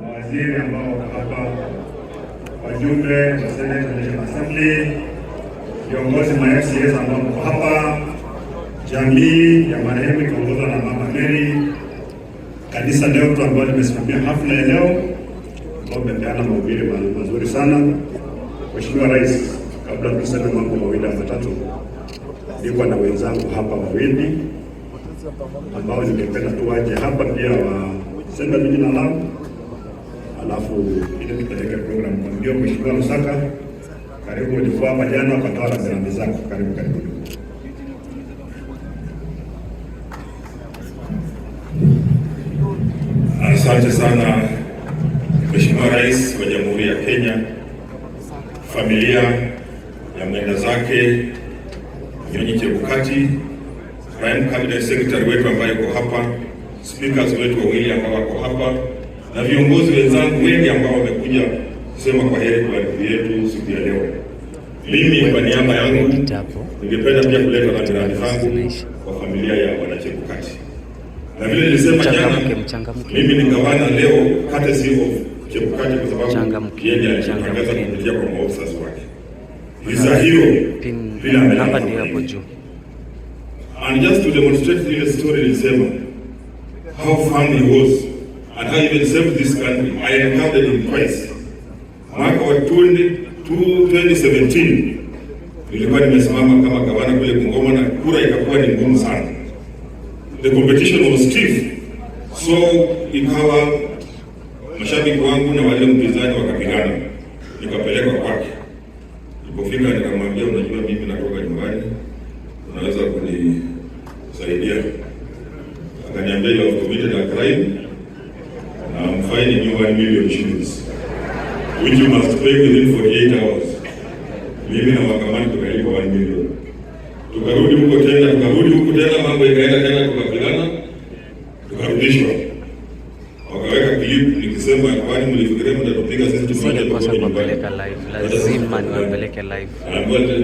mawaziri ambao wako hapa, wajumbe wa Senate Assembly, viongozi ma FCS ambao wako hapa, jamii ya marehemu ikiongozwa na Mama Mary, kanisa Neutral ambao limesimamia hafla ya leo ambao umepeana mahubiri mazuri sana. Mheshimiwa Rais, kabla tuseme mambo mawili au matatu, niko na wenzangu hapa wawili ambao ningependa tu waje hapa pia waseme jina lao alafu ili tupeleke program. Ndio mheshimiwa Lusaka, karibu ulikuwa hapa jana ukatoa rambirambi zako, karibu karibu. Asante sana Mheshimiwa Rais wa Jamhuri ya Kenya, familia ya mwenda zake Nyonyi Chebukati, Prime Cabinet Secretary wetu ambaye yuko hapa, speakers wetu wawili ambao wako hapa na viongozi wenzangu wengi ambao wamekuja kusema kwa heri kwa ndugu yetu siku ya leo. Mimi kwa niaba yangu ningependa pia kuleta shukrani zangu kwa familia ya Wanachebukati, na vile nilisema jana, mimi ni gavana leo hata sivyo Chebukati, kwa sababu yeye alitangaza kupitia kwa maofisa wake visa hiyo vile namba ndio hapo juu. And just to demonstrate this story nilisema how fun it was and I even saved this country. I encountered him twice. Mwaka wa 2017 nilikuwa nimesimama kama gavana kule Bungoma na kura ikakuwa ni ngumu sana. The competition was stiff. So ikawa mashabiki wangu na wale mpinzani wakapigana, nikapelekwa kwake. Nilipofika nikamwambia, unajua mimi natoka nyumbani, unaweza kunisaidia? Akaniambia you have committed a crime in you one million shillings which you must pay within 48 hours. Mimi na mahakamani tukalipa one million, tukarudi huko tena, tukarudi huko tena, mambo ikaenda tena, tukapigana, tukarudishwa, wakaweka clip nikisema, kwani mlifikiria mtatupiga sisi tumekuja kwa nyumbani. Lazima niwapeleke live,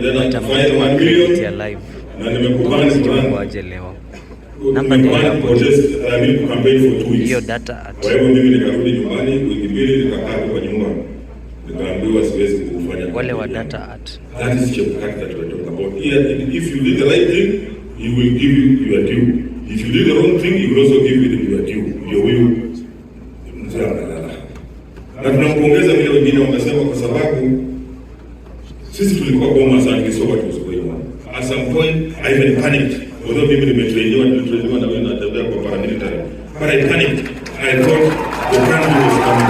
tena 1 million na nimekubali kwa leo Uh, hiyo data. Kwa hivyo mimi nikarudi nyumbani, wiki mbili nikakaa kwa nyumba, nikaambiwa siwezi kufanya wale wa data at. That is Chebukati that we talk about here. If you did the right thing, he will give you your due. If you did the wrong thing, he will also give you your due. Ndio huyu mzee Na tunampongeza vile wengine wamesema kwa sababu sisi tulikuwa goma sana kisoka tumesoma. At some point I even panicked. Kwa hiyo mimi nimetrainiwa, nimetrainiwa na wewe natembea kwa paramilitary. But I panicked. I thought the country was coming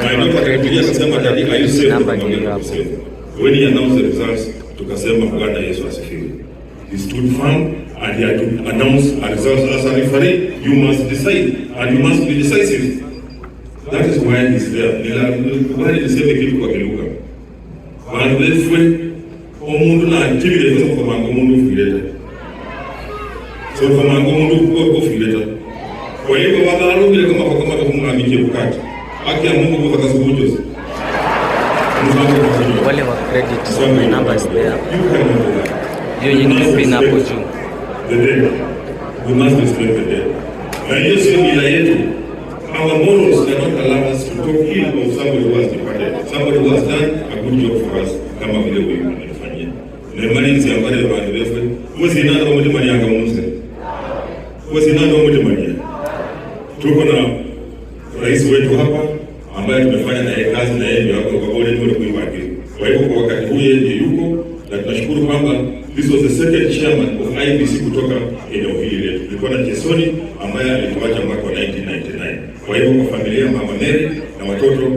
to me. Akanipigia akasema, Daddy, are you safe? Nikamwambia niko safe. When he announced the results, tukasema Bwana Yesu asifiwe. He stood firm and he had to announce a result as a referee. You must decide and you must be decisive. That is why he's there. Nilikubali niseme kitu kwa kiluka. Warefu omuntu nankibira ekikosa kukamanga omuntu ofuyireta so kukamanga omuntu ofuyireta olaiba wakalumbireko makakamata kumungambiki ebukati akia mungu kwakasikubujozi wale wa credit my number is there hiyo yenye pin hapo juu the dead we must respect the na hiyo sio mila yetu our morals allow us to talk ill of somebody who has departed. Somebody who has done a good job for us, kama vile lemmalinzi yambale bantu beffe muzinanga omutima lyanga munze muzinanga omutima lya tuko na rais wetu hapa ambaye tumefanya naye kazi na yeye kuimagiza. Kwa hivyo kwa wakati huu yeye yuko na tunashukuru kwamba this was the second chairman of IBC kutoka eneo hili letu. Tulikuwa na Chesoni ambaye alituacha mwaka wa 1999. Kwa hivyo kwa familia Mama Mary na watoto,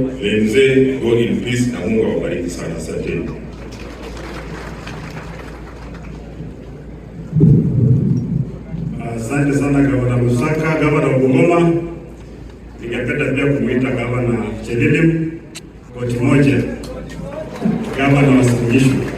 mzee, go in peace na Mungu awabariki sana. Asanteni. Asante sana gavana Lusaka, gavana wa Bungoma. Ningependa pia kumwita gavana Chelilim, koti moja, gavana wa Suluhisho.